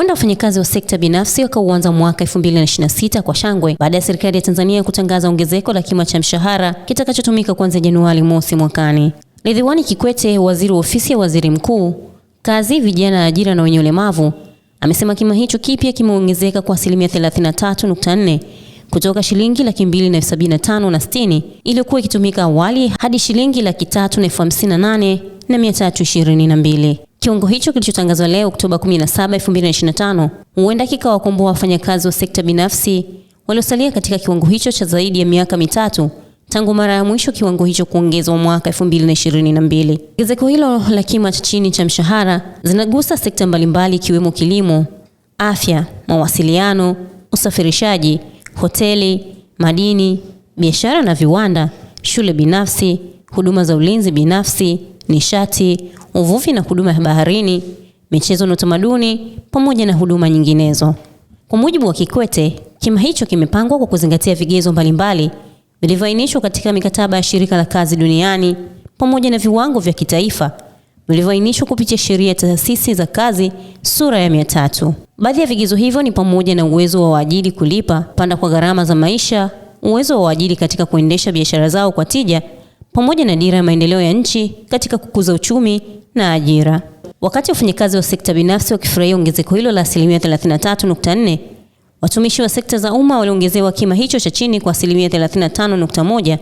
Huenda wafanyakazi wa sekta binafsi wakauanza mwaka 2026 kwa shangwe baada ya serikali ya Tanzania kutangaza ongezeko la kima cha mshahara kitakachotumika kuanzia Januari mosi mwakani. Ridhiwani Kikwete, waziri wa ofisi ya waziri mkuu, kazi, vijana, ajira na wenye ulemavu, amesema kima hicho kipya kimeongezeka kwa asilimia 33.4 kutoka shilingi laki mbili na elfu sabini na tano na sitini iliyokuwa ikitumika awali hadi shilingi laki tatu na elfu hamsini na nane na mia tatu ishirini na mbili. Kiwango hicho kilichotangazwa leo Oktoba 17, 2025 huenda kikawakomboa wafanyakazi wa sekta binafsi waliosalia katika kiwango hicho cha zaidi ya miaka mitatu tangu mara ya mwisho kiwango hicho kuongezwa mwaka 2022. Ongezeko hilo la kima cha chini cha mshahara zinagusa sekta mbalimbali ikiwemo kilimo, afya, mawasiliano, usafirishaji, hoteli, madini, biashara na viwanda, shule binafsi huduma za ulinzi binafsi, nishati, uvuvi na huduma ya baharini, michezo na utamaduni, pamoja na huduma nyinginezo. Kwa mujibu wa Kikwete, kima hicho kimepangwa kwa kuzingatia vigezo mbalimbali vilivyoainishwa katika mikataba ya Shirika la Kazi Duniani pamoja na viwango vya kitaifa vilivyoainishwa kupitia sheria ya taasisi za kazi sura ya mia tatu. Baadhi ya vigezo hivyo ni pamoja na uwezo wa waajiri kulipa panda kwa gharama za maisha, uwezo wa waajiri katika kuendesha biashara zao kwa tija pamoja na dira ya maendeleo ya nchi katika kukuza uchumi na ajira. Wakati wafanyakazi wa sekta binafsi wakifurahia ongezeko hilo la asilimia 33.4, watumishi wa sekta za umma waliongezewa kima hicho cha chini kwa asilimia 35.1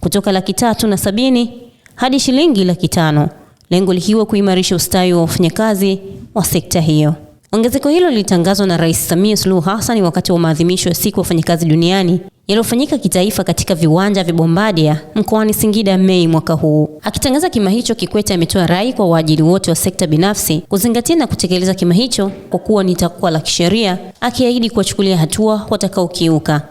kutoka laki tatu na sabini hadi shilingi laki tano, lengo likiwa kuimarisha ustawi wa wafanyakazi wa sekta hiyo. Ongezeko hilo lilitangazwa na Rais Samia Suluhu Hassan wakati wa maadhimisho ya siku ya wafanyakazi duniani yaliyofanyika kitaifa katika viwanja vya Bombadia mkoani Singida Mei mwaka huu. Akitangaza kima hicho, Kikwete ametoa rai kwa waajiri wote wa sekta binafsi kuzingatia na kutekeleza kima hicho kwa kuwa ni takwa la kisheria, akiahidi kuwachukulia hatua watakaokiuka.